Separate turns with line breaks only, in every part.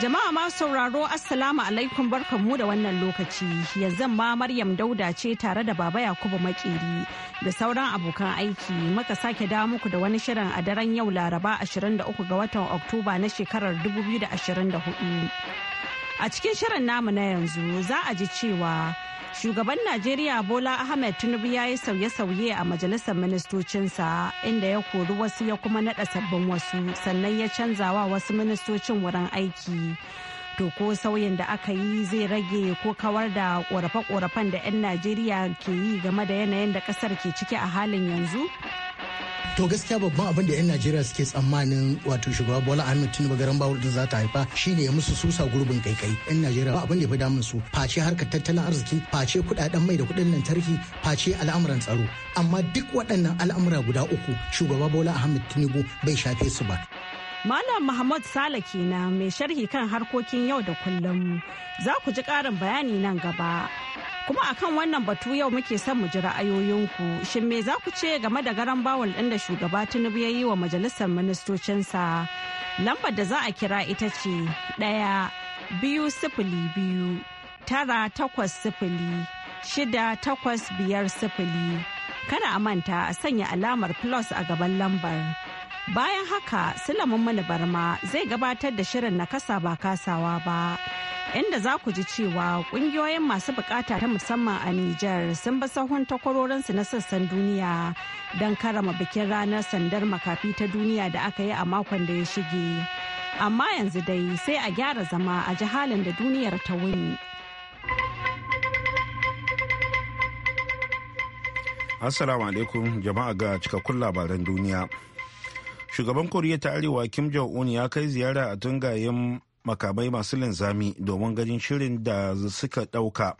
Jama'a ma sauraro Assalamu alaikum barkamu da wannan lokaci yanzu ma Maryam Dauda ce tare da Baba Yakubu Makeri da sauran abokan aiki muka sake dawo muku da wani shirin a daren yau Laraba 23 ga watan Oktoba na shekarar 2024. A cikin shirin namu na yanzu za a ji cewa Shugaban Najeriya Bola Ahmed Tinubu ya yi sauye-sauye a majalisar ministocinsa inda ya kori wasu ya kuma naɗa sabbin wasu sannan ya canza wa wasu ministocin wurin aiki. To ko sauyin da aka yi zai rage ko kawar da ƙorafe-ƙorafen da 'yan Najeriya ke yi game da yanayin da ƙasar ke ciki a halin yanzu?
to gaskiya babban abin da 'yan najeriya suke tsammanin wato shugaba bola ahmed tinubu garan bawul din za ta haifa shine ya musu susa gurbin kaikai 'yan najeriya ba abin da ya fi damun su face harkar tattalin arziki face kudaden mai da kudin lantarki face al'amuran tsaro amma duk waɗannan al'amura guda uku shugaba bola ahmed tinubu bai shafe su ba
Malam Muhammad Sale kenan mai sharhi kan harkokin yau da kullum. Za ku ji ƙarin bayani nan gaba. Kuma akan wannan batu yau muke son mu ji ra'ayoyinku. Shin me za ku ce game da garan bawal ɗin da shugaba Tinubu ya yi wa majalisar ministocinsa? Lambar da za a kira ita ce ɗaya biyu sifili biyu tara takwas sifili shida takwas biyar sifili. Kada a manta a sanya alamar plus a gaban lambar. Bayan haka, silamin Mani Barma zai gabatar da shirin na kasa ba kasawa ba. inda za ku ji cewa kungiyoyin masu bukata ta musamman a Nijar sun bi sahun takwarorinsu na sassan duniya don karama bikin ranar sandar makafi ta duniya da aka yi a makon da ya shige. Amma yanzu dai sai a gyara zama a ji halin da duniyar ta wuni.
Assalamu alaikum jama'a ga cikakkun labaran duniya. Shugaban Koriya ta Arewa Kim Jong-un ya kai ziyara a tungayen makamai masu linzami domin ganin shirin da suka ɗauka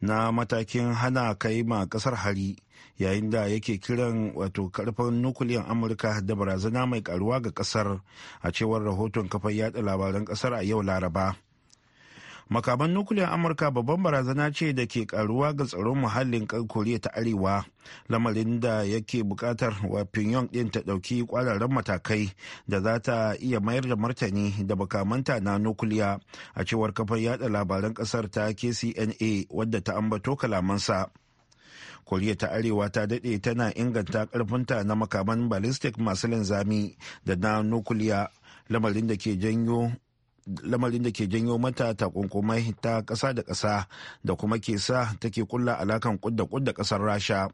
na matakin hana kai ma ƙasar hari yayin da yake kiran wato karfin nukuliyan amurka da barazana mai karuwa ga ƙasar a cewar rahoton kafar yada labaran ƙasar a yau laraba. makaman nukuliyar amurka babban barazana ce da ke karuwa ga tsaron muhallin koriya ta arewa lamarin da yake bukatar wa pinyon din ta dauki kwararren matakai da za ta iya mayar da martani da makamanta na nukuliya a cewar kafar yada labaran kasar ta kcna wadda ta ambato kalamansa koriya ta arewa ta daɗe tana inganta karfinta na makaman ballistic masu linzami da na nukuliya lamarin da ke janyo lamarin da ke janyo mata takunkumai ta ƙasa da ƙasa da kuma ke sa take kulla alakan kudda kudda ƙasar rasha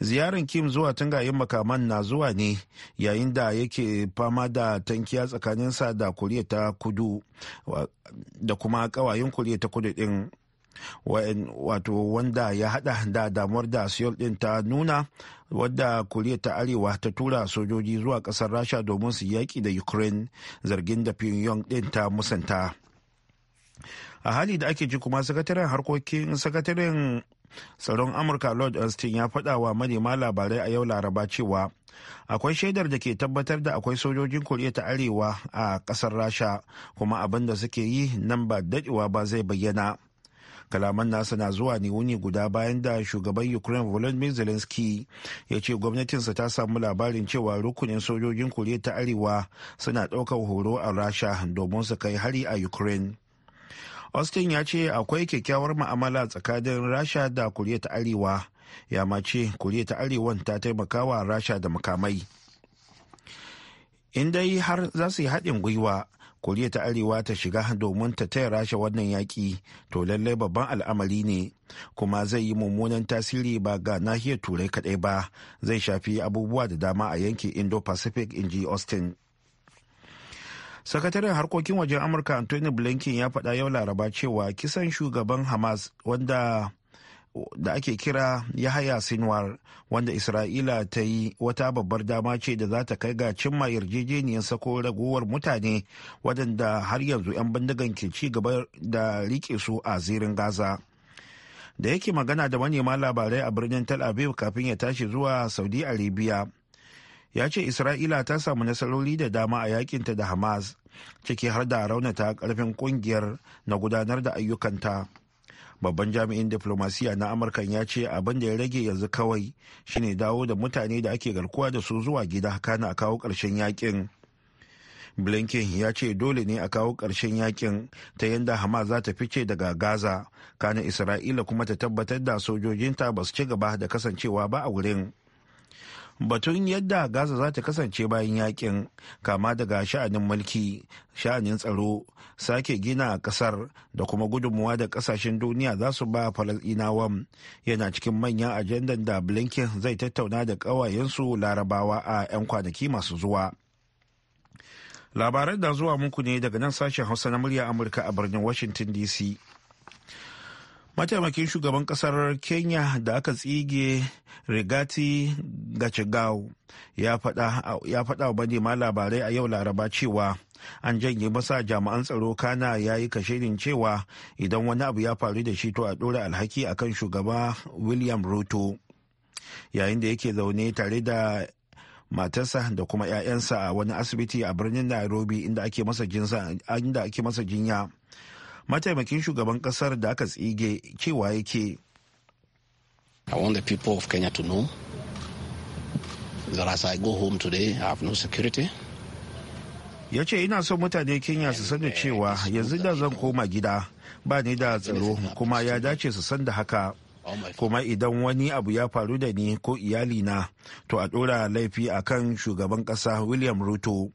ziyarar kim zuwa tungayen makaman na zuwa ne yayin da yake fama da tankiya tsakaninsa da kuriya ta kudu da kuma kawayen kuriya ta kudu din wato wanda ya hada da damuwar da seoul din ta nuna wadda koriya ta arewa ta tura sojoji zuwa kasar rasha domin su yaki da ukraine zargin da pyongyang din ta musanta a hali da ake ji kuma sakataren harkokin sakataren tsaron amurka lord austin ya faɗa wa manema labarai a yau laraba cewa akwai shaidar da ke tabbatar da akwai sojojin koriya ta arewa a ƙasar rasha kuma abin da suke yi nan ba dadewa ba zai bayyana kalaman nasa na zuwa ne wuni guda bayan da shugaban ukraine volodymyr zelensky ya ce gwamnatinsa ta samu labarin cewa rukunin sojojin koriya ta arewa suna ɗaukar horo a rasha domin su kai hari a ukraine austin ya ce akwai kyakkyawar ma'amala tsakanin rasha da koriya ta arewa ya mace koriya ta arewan ta taimaka wa rasha da makamai in dai har za su yi haɗin gwiwa koriya ta arewa ta shiga domin ta taya rasha wannan yaƙi to lallai babban al'amari ne kuma zai yi mummunan tasiri ba ga nahiyar turai kaɗai ba zai shafi abubuwa da dama a yankin indo-pacific inji austin sakataren harkokin wajen amurka anthony blinken ya faɗa yau laraba cewa kisan shugaban hamas wanda da ake kira yahaya sinwar wanda isra'ila ta yi wata babbar dama ce da za ta kai ga cimma yarjejeniyar sako ragowar mutane wadanda har yanzu 'yan bindigan ke ci gaba da rike su a zirin gaza da yake magana da manema labarai a birnin tel aviv kafin ya tashi zuwa saudi arabia ya ce isra'ila ta samu nasarori da dama a yakinta da hamas ciki har da raunata karfin ƙungiyar na gudanar da ayyukanta. babban jami'in diplomasiya na amurka ya ce abin da ya rage yanzu kawai shine dawo da mutane da ake garkuwa da su zuwa gida kana a kawo karshen yakin blinken ya ce dole ne a kawo karshen yakin ta yadda hama za ta fice daga gaza kana isra'ila kuma ta tabbatar da sojojinta ba su ci gaba da kasancewa ba a wurin batun yadda gaza za ta kasance bayan yakin kama daga sha'anin mulki sha'anin tsaro sake gina kasar da kuma gudunmuwa da kasashen duniya za su ba falasɗinawan yana cikin manyan ajandan da blinken zai tattauna da ƙawayensu larabawa a 'yan kwanaki masu zuwa labaran da zuwa muku ne daga nan sashen hausa na murya amurka a birnin washington dc mataimakin shugaban kasar kenya da aka tsige rigati gachagau ya faɗa wa manema labarai a yau laraba cewa an janye masa jami'an tsaro kana ya yi kashirin cewa idan wani abu ya faru da shi to a ɗora alhaki a kan shugaba william ruto yayin da yake zaune tare da matarsa da kuma 'ya'yansa a wani asibiti a birnin nairobi inda ake masa jinya mataimakin shugaban kasar da aka tsige cewa yake I want the people of Kenya to know that as I go home today, I have no security. ya ce ina son mutane kenya su sani eh, cewa yanzu da zan koma gida ba ni da tsaro kuma ya dace su san da haka kuma idan wani abu ya faru da ni ko iyalina to a ɗora laifi a kan shugaban ƙasa william ruto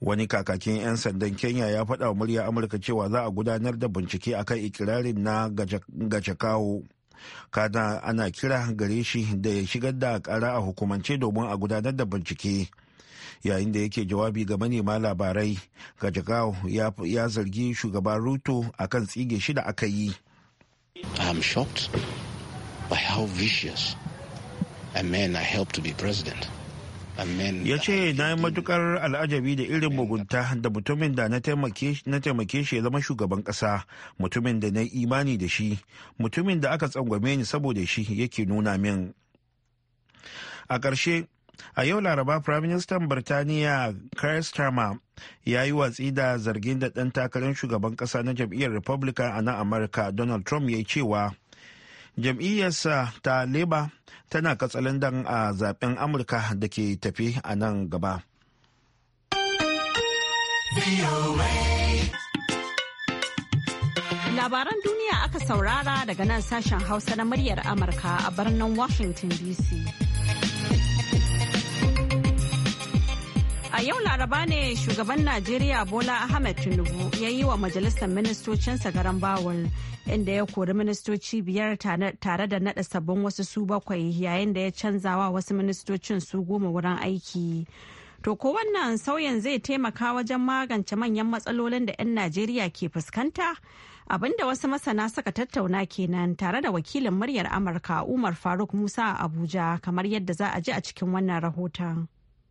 wani kakakin 'yan sandan kenya ya faɗa wa murya amurka cewa za a gudanar da bincike akan ikirarin na kawo kana ana kira gare shi da ya shigar da kara a hukumance domin a gudanar da bincike yayin da yake jawabi ga manema labarai kawo ya zargi shugaban ruto akan tsige shi da aka yi i am shocked by how vicious a man i helped to be president ya ce na yi matukar al'ajabi da irin mugunta da mutumin da na taimake shi ya zama shugaban kasa mutumin da na imani da shi mutumin da aka tsangwame ni saboda shi yake nuna min a ƙarshe a yau laraba firaministan birtaniya Chris Starmer ya yi watsi da zargin da ɗan takarar shugaban ƙasa na jam'iyyar republican a nan amurka donald trump ya yi cewa jam'iyyarsa ta leba tana katsalandan a zaben amurka da ke tafi a nan gaba
labaran duniya aka saurara daga nan sashen hausa na muryar amurka a birnin washington dc a yau laraba ne shugaban Najeriya Bola Ahmed Tinubu ya yi wa majalisar ministocinsa garan bawul inda ya kori ministoci biyar tare da nada sabbin wasu su bakwai yayin da ya canzawa wasu ministocin su goma wurin aiki. To ko wannan sauyin zai taimaka wajen magance manyan matsalolin da 'yan Najeriya ke fuskanta? Abinda wasu masana suka tattauna kenan tare da wakilin muryar Amurka Umar Faruk Musa a Abuja kamar yadda za a ji a cikin wannan rahoton.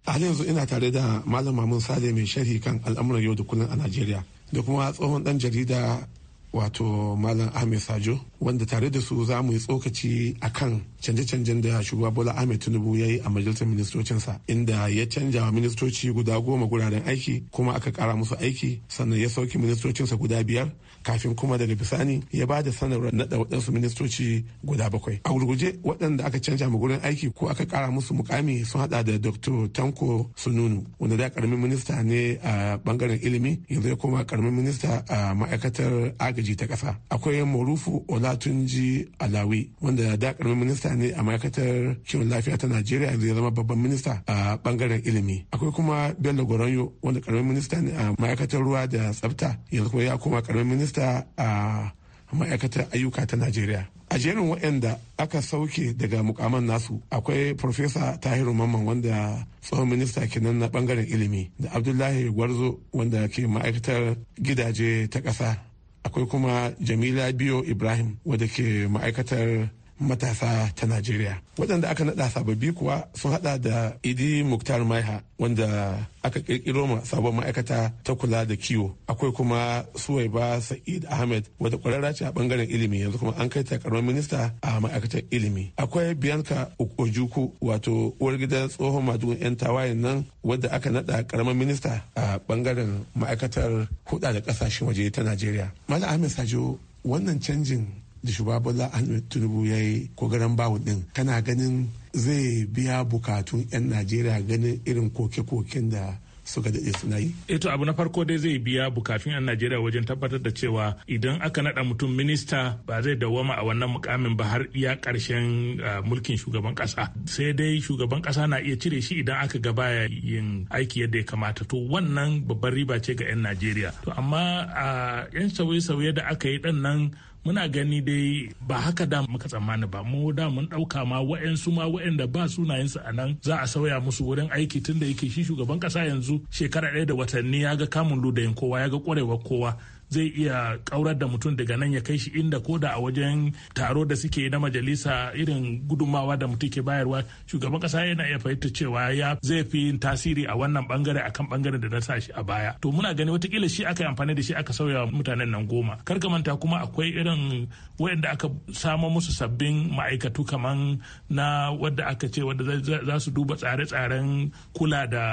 a yanzu ina tare da malam mamun sale mai sharhi kan al'amuran yau da kullum a najeriya da kuma tsohon dan jarida wato malam ahmed sajo wanda tare da su za mu yi tsokaci a kan canje-canjen da shugaba bola ahmed tinubu ya yi a majalisar ministocinsa inda ya canja wa ministoci guda goma guraren aiki kuma aka kara musu aiki sannan ya sauki ministocinsa guda biyar kafin kuma daga bisani ya ba da sanarwar naɗa waɗansu ministoci guda bakwai a gurguje waɗanda aka canja mu gurin aiki ko aka kara musu mukami sun haɗa da dr tanko sununu wanda da karamin minista ne a bangaren ilimi yanzu ya koma karamin minista a ma'aikatar agaji ta ƙasa akwai morufu ola Olatunji Alawi wanda da karamin minista ne a ma'aikatar kiwon lafiya ta Najeriya yanzu ya zama babban minista a bangaren ilimi. Akwai kuma Bello Goronyo wanda karamin minista ne a ma'aikatar ruwa da tsafta yanzu kuma ya koma karamin minista a ma'aikatar ayyuka ta Najeriya. A jerin waɗanda aka sauke daga mukaman nasu akwai Profesa Tahiru Mamman wanda tsohon minista kenan na bangaren ilimi da Abdullahi Gwarzo wanda ke ma'aikatar gidaje ta ƙasa akwai kuma jamila biyo ibrahim wadda ke ma'aikatar matasa ta Najeriya. Waɗanda aka naɗa sababbi kuwa sun haɗa da Idi Muktar Maiha wanda aka ƙirƙiro ma sabon ma'aikata ta kula da kiwo. Akwai kuma Suwaiba Sa'id Ahmed wata ƙwararra ce a bangaren ilimi yanzu kuma an kai ta ƙaramin minista a ma'aikatar ilimi. Akwai Bianca Ojuku wato uwar gidan tsohon madugun 'yan tawayen nan wadda aka naɗa ƙaramin minista a ɓangaren ma'aikatar huɗa da ƙasashen waje ta Najeriya. Malam Ahmed Sajo wannan canjin da shugaba bola ahmed tinubu ya yi kogaran bawul din Tana ganin zai biya bukatun 'yan najeriya ganin irin koke-koken da suka daɗe suna yi.
Eto eh abu na farko dai zai biya bukatun 'yan Najeriya wajen tabbatar da cewa idan aka naɗa mutum minista ba zai dawama a wannan mukamin ba har iya ƙarshen ah, mulkin shugaban ƙasa. Sai dai shugaban ƙasa na iya cire shi idan aka ga yin aiki yadda ya kamata. To wannan babbar riba ce ga 'yan Najeriya. To amma a ah, 'yan sauye-sauye da aka yi ɗan nan muna gani dai ba haka da muka tsammani ba mu da mun ɗauka ma wa'yansu ma wa'yanda ba sunayensu a nan za a sauya musu wurin aiki tunda yake shi shugaban ƙasa yanzu shekara ɗaya da watanni ya ga kamun ludayin kowa ya ga kwarewar kowa zai iya kaurar da mutum daga nan ya kai shi inda ko da a wajen taro da suke na majalisa irin gudummawa da mutum ke bayarwa shugaban kasa yana iya fahimta cewa ya zai fi yin tasiri a wannan bangare akan bangaren da na sa shi a baya to muna gani watakila shi aka yi amfani da shi aka sauya mutanen nan goma kar ka manta kuma akwai irin wayanda aka samo musu sabbin ma'aikatu kaman na wadda aka ce wadda za su duba tsare-tsaren kula da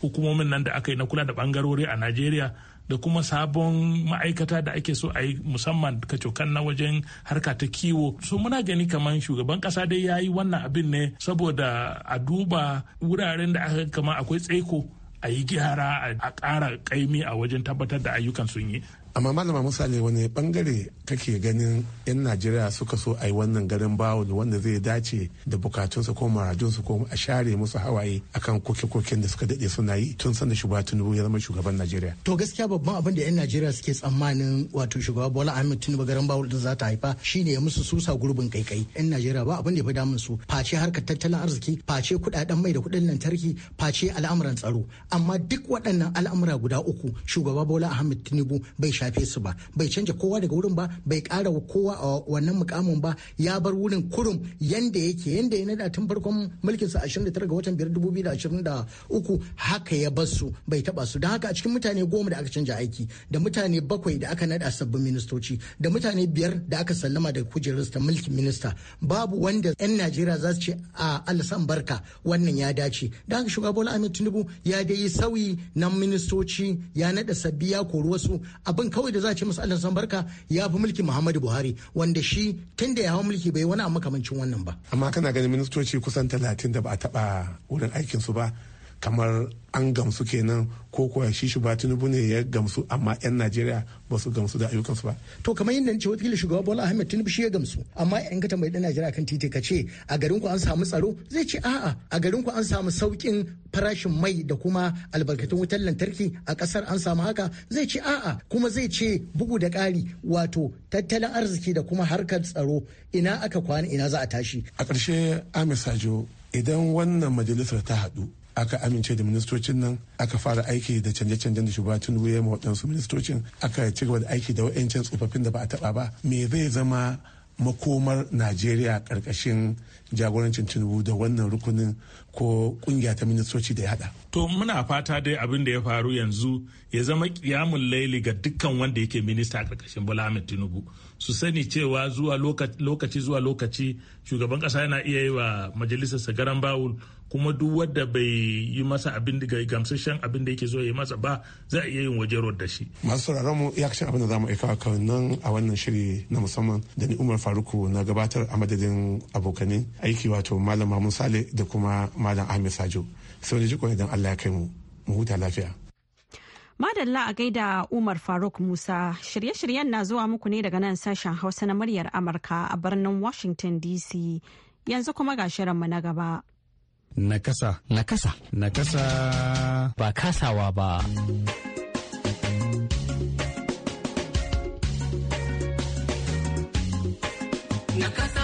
hukumomin nan da aka yi na kula da bangarori a najeriya da kuma sabon ma'aikata da ake so a yi musamman kacokan na wajen harka ta kiwo so muna gani kamar shugaban kasa dai ya yi wannan abin ne saboda a duba wuraren da aka kama akwai tsaiko a yi gyara a ƙara ƙaimi a wajen tabbatar da ayyukan sun yi amma malama misali wani bangare kake ganin
'yan najeriya suka so a yi wannan garin bawul wanda zai dace da bukatunsu ko marajunsu ko a share musu hawaye akan koke-koken da suka dade suna yi tun sanda shugaba tinubu ya zama shugaban najeriya to gaskiya babban abin da 'yan najeriya
suke tsammanin wato shugaba bola ahmed tinubu garin bawul din za ta haifa shine ya musu susa gurbin kaikai 'yan najeriya ba abin da ya fi damun su face harkar tattalin arziki face kuɗaɗen mai da kuɗin lantarki face al'amuran tsaro amma duk waɗannan al'amura guda uku shugaba bola ahmed tinubu bai shafe su ba bai canja kowa daga wurin ba bai kara kowa a wannan mukamin ba ya bar wurin kurum yanda yake yanda ya nada tun farkon mulkin sa 29 ga watan 2023 haka ya bar su bai taba su don haka a cikin mutane goma da aka canja aiki da mutane bakwai da aka nada sabbin ministoci da mutane biyar da aka sallama daga kujerar ta mulkin minista babu wanda 'yan najeriya za su ce a alasan barka wannan ya dace don haka shugaba bola ahmed tinubu ya dai yi sauyi na ministoci ya nada sabbi ya kori wasu abin kawai da za a ce masa Allah san barka ya fi mulki Muhammadu Buhari wanda shi tun da ya hawa mulki bai wani a makamancin wannan ba.
Amma kana ganin ministoci kusan talatin da ba a taɓa wurin aikinsu ba kamar an gamsu kenan ko kuwa shi shi tinubu ne ya gamsu amma 'yan najeriya ba su gamsu da ayyukansu ba to kamar yadda ce wata shugaba bola ahmed tinubu shi ya gamsu amma in ka mai dan
najeriya kan titi ka ce a garin ku an samu tsaro zai ce a'a a garin ku an samu saukin farashin mai da kuma albarkatun wutar lantarki a kasar an samu haka zai ce a'a kuma zai ce bugu da ƙari wato tattalin arziki da kuma harkar tsaro ina aka kwana
ina za a tashi a ƙarshe amis sajo idan wannan majalisar ta haɗu aka amince da ministocin nan aka fara aiki da canje-canjen da shugaba tinubu ya waɗansu ministocin aka ci gaba da aiki da waɗancan tsofaffin da ba a taɓa ba me zai zama makomar najeriya karkashin jagorancin tinubu da wannan rukunin ko kungiya ta ministoci da ya
hada. to muna fata dai abin da ya faru yanzu ya zama kiyamun laili ga dukkan wanda yake minista a ƙarƙashin bola tinubu su sani cewa zuwa lokaci zuwa lokaci shugaban kasa yana iya yi wa majalisarsa garan bawul kuma duk wadda bai yi masa abin da gamsashen abin da yake zo ya yi masa ba za a iya yin wajerar da shi. masu sauraron mu
ya kashe abin da za mu aika a nan a wannan shiri na musamman da ni umar faruku na gabatar a madadin abokanin aiki wato malam mamun sale da kuma malam ahmed sajo sai wani jiko idan allah ya kai mu mu huta lafiya.
Madalla a gaida Umar Faruk Musa shirye-shiryen na zuwa muku ne daga nan sashen Hausa na muryar Amurka a birnin Washington DC yanzu kuma ga shirinmu na gaba.
Nakasa. Nakasa.
Nakasa. Ba kasawa ba. Nakasa.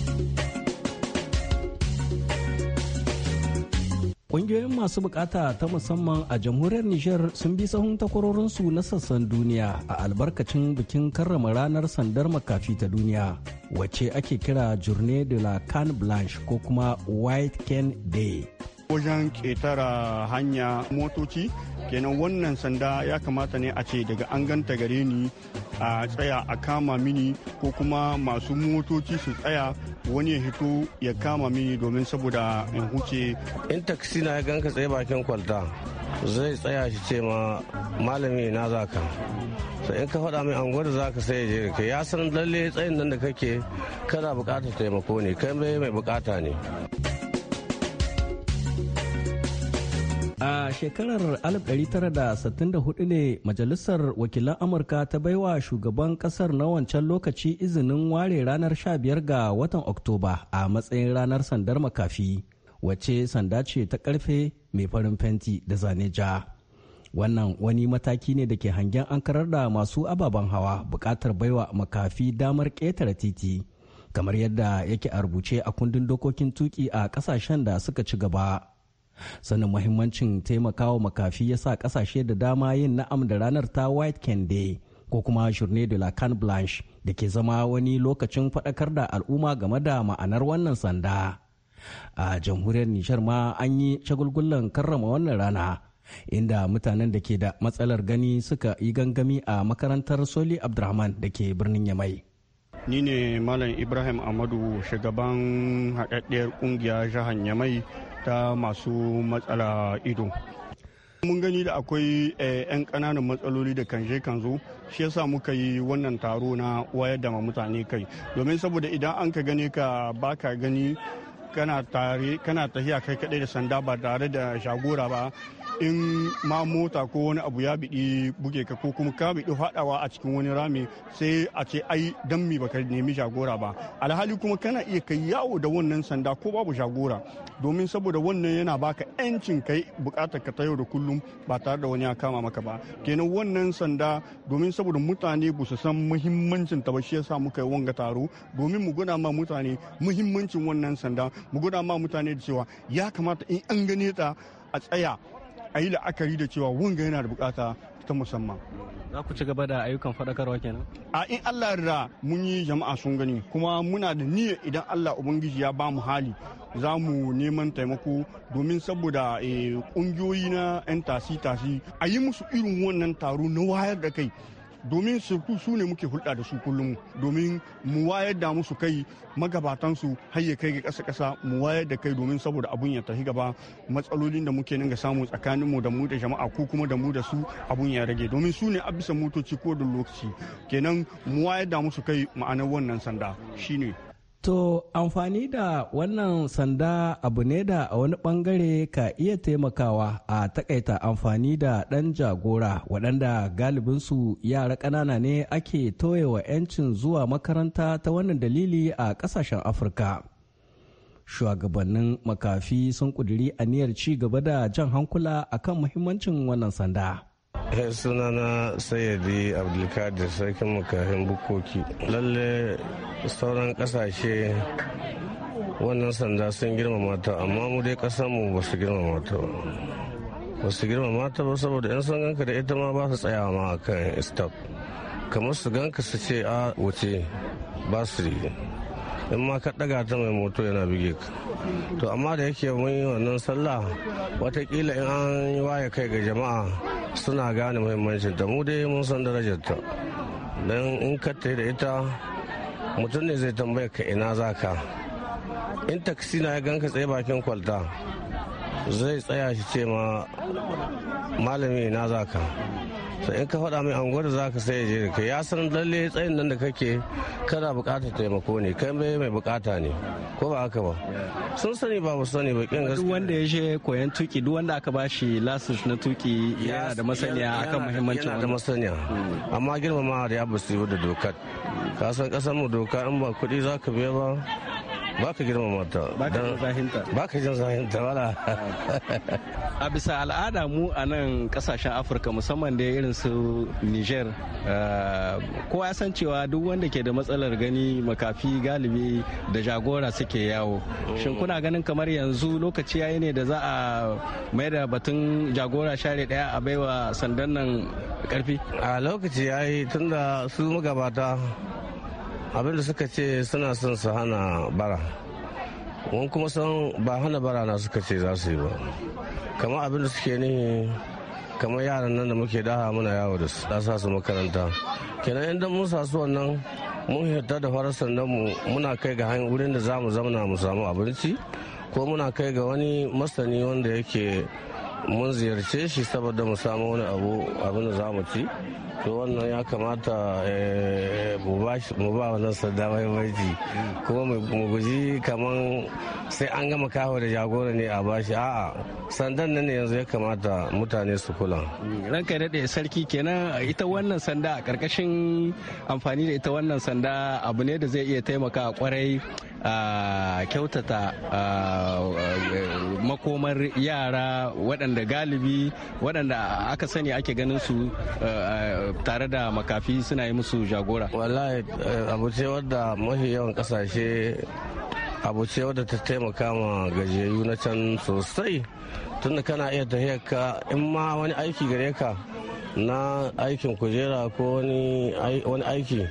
Ƙungiyoyin masu bukata ta musamman a jamhuriyar Nijar sun bi sahun takwarorinsu na sassan duniya a albarkacin bikin karrama ranar sandar makafi ta duniya wacce ake kira Journée de la Canne Blanche ko kuma White Cane Day.
wajen ketara hanya motoci kenan wannan sanda ya kamata ne a ce daga an ganta gare ni a tsaya a kama mini ko kuma masu motoci su tsaya
wani ya hito ya kama mini domin saboda in huce in taksi na ya ganka tsaye bakin kwalta zai tsaya shi ce ma malami na za sai in ka faɗa mai anguwar za ka sai je ka ya san lalle tsayin nan da kake kana buƙatar taimako ne kai mai bukata ne
A shekarar 1964 ne Majalisar Wakilan Amurka ta baiwa shugaban kasar na wancan lokaci izinin ware ranar 15 ga watan Oktoba a matsayin ranar sandar makafi, wace sanda ce ta karfe mai farin fenti da zane ja. Wannan wani mataki ne da ke hangen an karar da masu ababen hawa bukatar baiwa makafi damar ƙetare titi, kamar yadda yake a rubuce a kundin dokokin tuki a ƙasashen da suka ci gaba. sanin mahimmancin taimakawa makafi ya sa kasashe da dama yin na'am da ranar ta white day ko kuma journée de la canne blanche da ke zama wani lokacin faɗakar da al'umma game da ma'anar wannan sanda a jamhuriyar nishar ma an yi shagulgullan karrama wannan rana inda mutanen da ke da matsalar gani suka yi gangami a makarantar soli abdurrahman da ke birnin yamai
ni ne malam ibrahim amadu shugaban haɗaɗɗiyar ƙungiyar jihar yamai ta masu matsala ido mun gani da akwai 'yan eh, ƙananan matsaloli da kan je kan zo shi yasa muka yi wannan taro na wayar da mutane kai domin saboda idan an ka gani ka baka gani kana tafiya kai kadai da sanda ba tare da shagora ba in ma mota ko wani abu ya biɗi buge ka ko kuma ka biɗi faɗawa a cikin wani rami sai a ce ai dan mi baka nemi jagora ba alhali kuma kana iya kai yawo da wannan sanda ko babu jagora domin saboda wannan yana baka yancin kai bukatar ka ta yau da kullum ba tare da wani ya kama maka ba kenan wannan sanda domin saboda mutane ba su san muhimmancin ta ba shi yasa muka yi wanga taro domin mu gwada ma mutane muhimmancin wannan sanda mu gwada ma mutane da cewa ya kamata in an gane ta a tsaya a yi la'akari da cewa wanga yana da bukata ta musamman.
Za ku ci gaba da ayyukan faɗakarwa kenan?
A in Allah yarda mun yi jama'a sun gani kuma muna da niyyar idan Allah Ubangiji ya ba mu hali za mu neman taimako domin saboda eh, ƙungiyoyi na 'yan tasi-tasi a yi musu irin wannan taro na wayar da kai domin su su ne muke hulɗa da su kullum domin mu wayar da musu kai magabatansu har ya kai ga ƙasa ƙasa mu wayar da kai domin saboda abun ya tafi gaba matsalolin da muke nan ga samu tsakanin mu da mu da jama'a ko kuma da mu da su abun ya rage domin su ne a bisa motoci ko da lokaci kenan mu wayar da musu kai ma'anar wannan sanda shine
To amfani da wannan sanda abu ne da a wani bangare ka iya taimakawa a takaita amfani da ɗan jagora waɗanda galibinsu yara ƙanana ne ake wa 'yancin zuwa makaranta ta wannan dalili a ƙasashen Afirka. Shugabannin makafi sun ƙuduri aniyar ci gaba da jan hankula akan muhimmancin wannan sanda.
Eh, sunana sayyadi abdulkadir sarkin makahin bukoki lalle sauran kasashe wannan sanda sun girmama ta amma mu dai kasanmu ba su girmama ta ba ba su girmama ta ba saboda yan sun ganka da ita ma ba su tsayawa ma a kan stop kamar su ganka su ce a wuce ba su yi in ma ka daga ta mai moto yana bige ka to amma da yake mun yi wannan sallah watakila in an yi waye kai ga jama'a suna gane muhimmancin ta mu dai mun san darajarta don in ka da ita mutum ne zai tambaya ka ina za ka in taksi na ya ganka tsaye bakin kwalta zai tsaya shi ce ma malami ina za ka sai in ka faɗa mai anguwar za ka sai je ka ya san lalle tsayin nan da kake kana buƙatar taimako ne kai mai mai buƙata ne ko ba haka ba sun sani ba mu sani ba kin gaskiya duk wanda ya je koyan tuki duk wanda aka ba shi license na tuki yana da masaniya akan muhimmancin yana da masaniya amma girmama da ya basu da dokar ka san kasar mu doka in ba kuɗi za ka biya ba ba ka girmama ta ba ka jin zahinta ba ka wala a
bisa al'ada mu a nan kasashen afirka musamman da irin su niger eh, kowa ya san cewa duk wanda ke da matsalar gani makafi galibi da jagora suke yawo shin kuna ganin kamar yanzu lokaci yayi ne da za a mai da
batun jagora share daya a baiwa sandan nan karfi a lokaci yayi tunda su magabata abinda suka ce suna son su hana bara wani kuma san ba hana bara na suka ce za su yi ba kamar abinda suke nihi kamar yaran nan da muke daha muna yawo da su sa su makaranta kenan inda mun sa su wannan mun hita da farar mu muna kai ga hanyar wurin da za mu zamana mu samu abinci ko muna kai ga wani masani wanda yake mun ziyarce shi saboda mu samu wani abu abin da zamu ci to wannan ya kamata eh, mu ba nasa sadda mahimmanci kuma mu guji kaman sai an gama kawo da jagora ne a bashi a'a sandan nan ne yanzu ya kamata mutane su kula
ranka daɗe sarki kenan ita wannan sanda a ƙarƙashin amfani da ita wannan sanda abu ne da zai iya taimaka kwarai a kyautata makomar yara waɗanda waɗanda galibi waɗanda aka sani ake ganin su eh, eh, tare da makafi
suna yi musu jagora wallahi eh, abu ce wadda mafi yawan kasashe abu ce wadda ta taimaka ma gajiyayyu na can sosai tunda kana iya tafiyar ka in ma wani aiki gare ka na aikin kujera ko wani aiki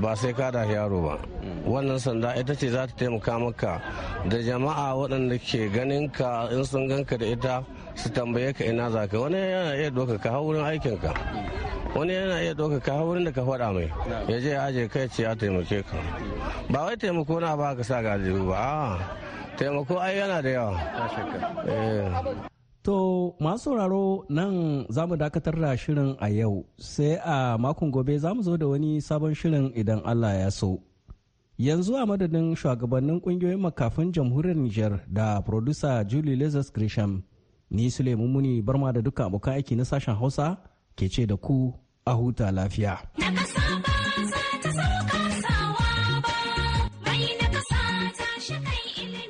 ba sai ka da yaro ba wannan sanda ita ce za ta taimaka maka da jama'a waɗanda ke ganin ka in sun ganka da ita su tambaye ka ina za ka wani yana iya doka ka hau wurin aikin ka wani yana iya doka ka hau wurin da ka faɗa mai ya je aje kai ce ya taimake ka ba wai taimako na ba ka sa ga ba taimako ai yana da yawa eh. To
masu sauraro nan za mu dakatar da shirin a yau sai a makon gobe za mu zo da wani sabon shirin idan Allah ya so. Yanzu a madadin shugabannin kungiyoyin makafin jamhuriyar Nijar da producer Julie Lazarus Grisham Ni Suleiman Muni barma da dukkan abokan aiki na sashen Hausa ke ce da ku a huta lafiya.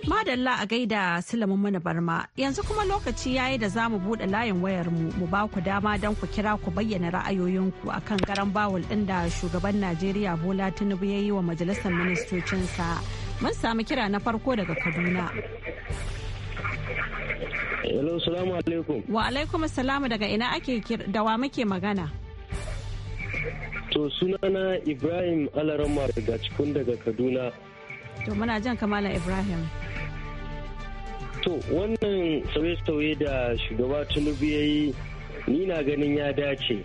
Madalla a gaida Suleiman muni barma yanzu kuma lokaci ya yi da za mu buɗe layin wayar mu mu ba ku dama don ku kira ku bayyana ra'ayoyinku kan garan bawul ɗin da shugaban Najeriya Bola Tinubu ya yi wa majalisar ministocinsa. Mun sami kira na farko daga Kaduna.
Hello, salamu alaikum.
Wa alaikum salamu daga ina ake da wa muke magana?
To sunana Ibrahim Alarama daga cikin daga Kaduna.
To muna jan kamala Ibrahim.
To wannan sauye-sauye da shugaba Tinubu ya yi ni na ganin ya dace.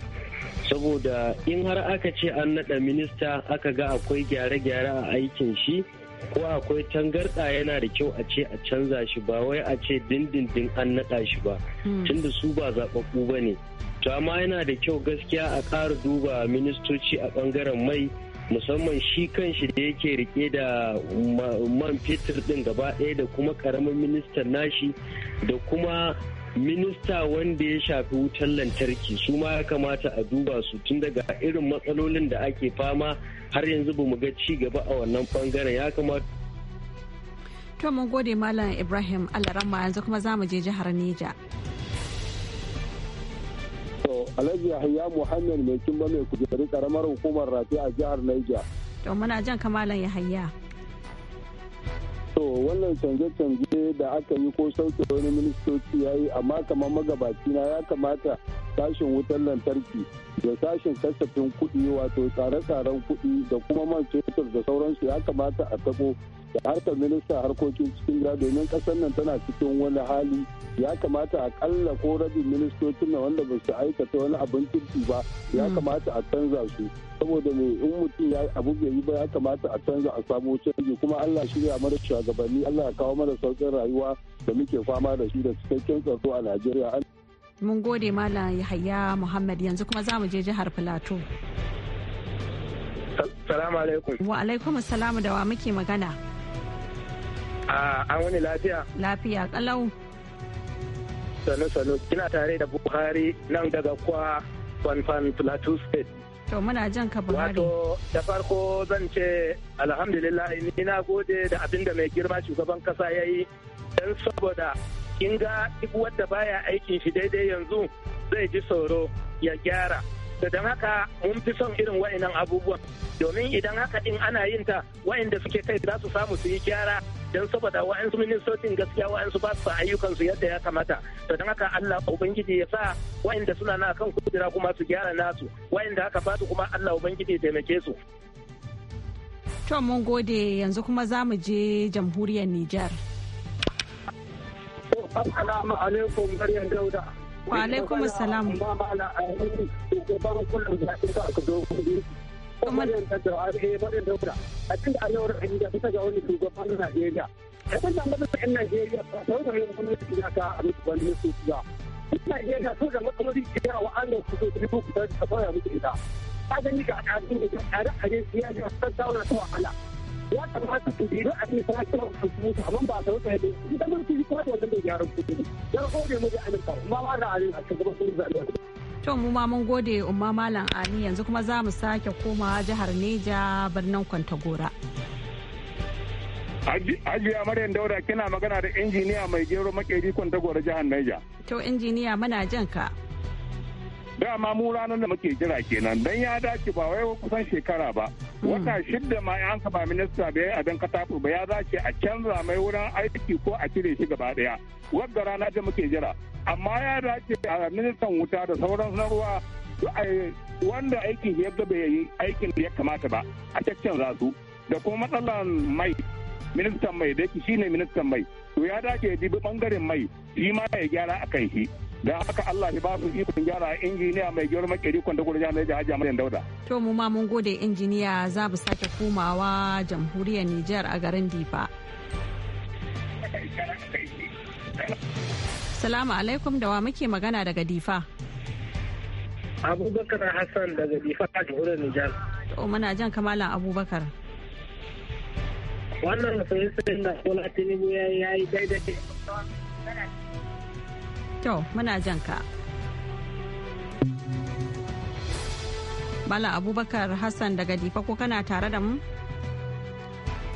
Saboda in har aka ce an naɗa minista aka ga akwai gyare-gyare a aikin shi. ko akwai tangarɗa yana da kyau a ce a canza shi ba wai a ce dindindin an naɗa shi ba hmm. tunda su ba zaɓaɓɓu ba ne to amma yana da kyau gaskiya a ƙara duba ministoci a ɓangaren mai musamman shi kan shi da yake rike da man fetur ɗin gaba ɗaya da kuma ƙaramin ministan nashi da kuma minista wanda ya shafi wutar lantarki su ma ya kamata a duba su tun daga irin matsalolin da ake fama har yanzu ba mu ga ci gaba a wannan bangaren ya kamata
to mun gode malam ibrahim alarama yanzu kuma za mu je jihar neja
alhaji yahya muhammad mai kimba mai kujeru karamar hukumar rafi a jihar neja
to muna jan kamalan yahaya.
to wannan canje-canje da aka yi ko sauke wani ministoci ya yi amma kamar magabaci na ya kamata sashen wutar lantarki da sashen kasafin kuɗi wato tsare-tsaren kuɗi da kuma man fetur da sauransu ya kamata a tabo da harkar minista harkokin cikin gida domin kasar nan tana cikin wani hali ya kamata a kalla ko rabin ministocin na wanda ba su aikata wani abin kirki ba ya hmm. kamata a canza su saboda mai in mutum ya abu bai yi ba ya kamata a canza a samu canji kuma Allah shirya mana shugabanni Allah ya kawo mana sauƙin rayuwa da muke fama da shi da cikakken tsaro a Najeriya.
Mun gode Malam Yahaya Muhammad yanzu kuma za mu je jihar Filato. Salamu alaikum. Wa alaikum salamu da wa muke magana. an wani lafiya? Lafiya kalau. Sano sano
kina tare da Buhari nan daga kwa Fanfan Plateau State.
To muna jan ka Buhari. Wato da farko zan ce alhamdulillah ni na gode da abin da mai
girma shugaban kasa ya yi don saboda kin ga duk wanda baya aikin shi daidai yanzu zai ji tsoro ya gyara. da don haka mun fi son irin wa'inan abubuwan domin idan haka din ana yin ta wa'inda suke kai za su samu su yi gyara don saboda wa'ansu ministocin gaskiya wa'ansu ba su ayyukansu yadda ya kamata to don haka Allah ubangiji ya sa wa'anda suna na kan kudura kuma su gyara nasu wa'anda aka ba su kuma Allah ubangiji ya taimake su
to mun gode yanzu kuma za mu je jamhuriyar Nijar
Assalamu alaikum Maryam Dauda
Wa alaikum assalam. Ba ba na ayyukan shugaban kullum da ita aka zo Maryam ta jawa eh Maryam Dauda a cikin arewar Najeriya bisa ga wani shugaban Najeriya
a cikin da Najeriya a ta wani gwamnati a ka a mutu wani su ba Najeriya to da matsaloli da yawa an da su su ku ta tsaya mutu ita ta da ta wahala ya kamata su bi ra'ayi ta kira su mutu amma a ta wata yadda idan mun ci ko da wannan bai gyaran kuɗi dan kore mu da amurka kuma
ba a cikin gwamnati da To mu ma mun gode umma malam Ali yanzu kuma za mu sake komawa jihar Neja birnin Kwantagora.
ajiya Maryam Dauda kina magana da injiniya mai gero makeri Kwantagora jihar Neja.
To injiniya muna jan ka.
dama mu ranar da muke jira kenan dan
ya dace ba wai
kusan shekara ba hmm. wata shidda ma an ba minista bai a dan katafu ba ya dace a canza mai wurin aiki ko a cire shi gaba daya wadda rana da muke jira amma ya dace a ministan wuta da sauran na ruwa wanda aikin ya bai yi aikin da ya kamata ba a caccanza su da kuma matsalan mai ministan mai da shi ne ministan mai to ya dace ya bi bangaren mai shi ma ya gyara a kan shi da haka Allah ya ba su ikon gyara injiniya mai girma makeri kwanda gudu jami'a da hajiya Maryam Dauda.
To mu ma mun gode injiniya za mu sake komawa jamhuriyar Nijar a garin Difa. Salamu alaikum da wa muke magana daga Difa.
Abubakar Hassan daga Difa a jamhuriyar Nijar.
To muna jan kamalan Abubakar. Wannan masayin sai na Bola Tinubu ya yi daidai. To, muna jan ka. Bala Abubakar Hassan daga Difa ko kana tare da mu?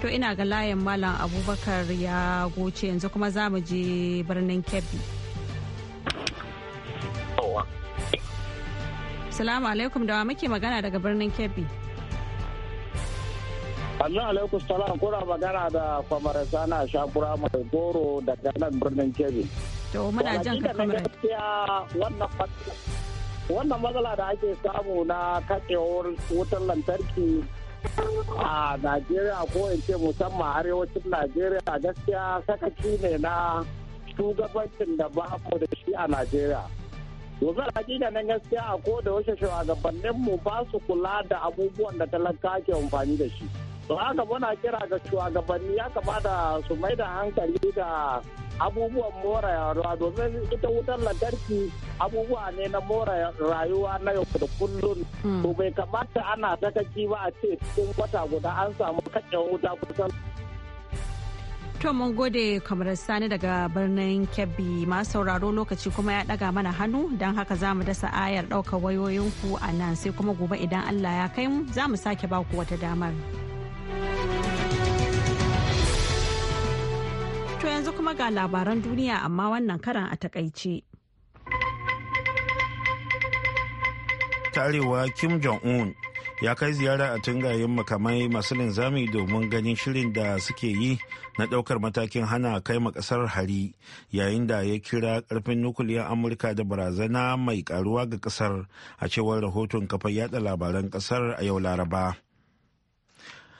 To ina ga layin Malam Abubakar ya goce yanzu kuma za mu je birnin Kebbi. Salamu alaikum da wa muke magana daga birnin Kebbi.
Allah alaikum salam kuna magana da kwamar na shakura mai goro daga nan birnin Kebbi.
To muna jan ka kamar.
Wannan matsala da ake samu na katsewar wutar lantarki a Najeriya ko in ce musamman arewacin Najeriya gaskiya sakaci ne na shugabancin da ba da shi a Najeriya. yanzu hakika nan gaskiya a ko da wasu shugabannin mu ba su kula da abubuwan da talaka ke amfani da shi to haka muna kira ga shugabanni ya kamata su mai da hankali da abubuwan mora rayuwa domin ita wutar lantarki abubuwa ne na mora rayuwa na yau da kullum hmm. to bai kamata ana sakaki ba a ce cikin wata guda an samu kacce wuta kusan
To mun gode kamar sani daga birnin Kebbi masu sauraro lokaci kuma ya daga mana hannu don haka za mu dasa ayar ɗaukar wayoyinku a nan sai kuma gobe idan Allah ya kai mu za mu sake baku wata damar. yanzu kuma ga labaran duniya amma wannan karan a takaice.
Tarewa Kim Jong-un ya kai ziyara a tungayen makamai masu linzami domin ganin shirin da suke yi na daukar matakin hana kai ma kasar hari yayin da ya kira karfin nukiliyar amurka da barazana mai karuwa ga kasar a cewar rahoton kafar yada labaran kasar a yau laraba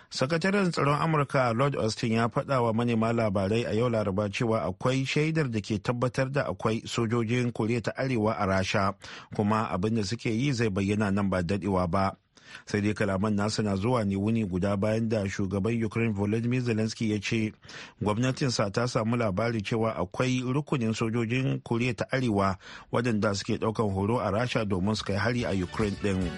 sakataren tsaron amurka lord austin ya faɗa wa manema labarai a yau laraba cewa akwai shaidar da ke tabbatar da akwai sojojin koriya ta arewa a rasha kuma abin da suke yi zai bayyana nan ba daɗewa ba sai dai kalaman nasa na zuwa ne wuni guda bayan da shugaban ukraine volodymyr zelensky ya ce gwamnatinsa ta samu labari cewa akwai rukunin sojojin koriya ta arewa waɗanda suke ɗaukan horo a rasha domin su kai hari a ukraine ɗin.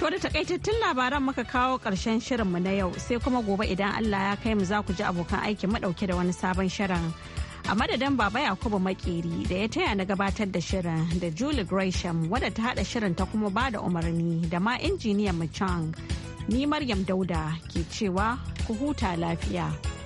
To da takaitattun labaran muka kawo ƙarshen shirinmu na yau sai kuma gobe idan Allah ya kai mu za ku ji abokan aiki madauke da wani sabon shirin. A madadin Baba Yakubu Makeri da ya taya na gabatar da shirin da Julie Gresham wadda ta haɗa shirin ta kuma ba da umarni da ma injiniyan mu Chang. Ni Maryam Dauda ke cewa ku huta lafiya.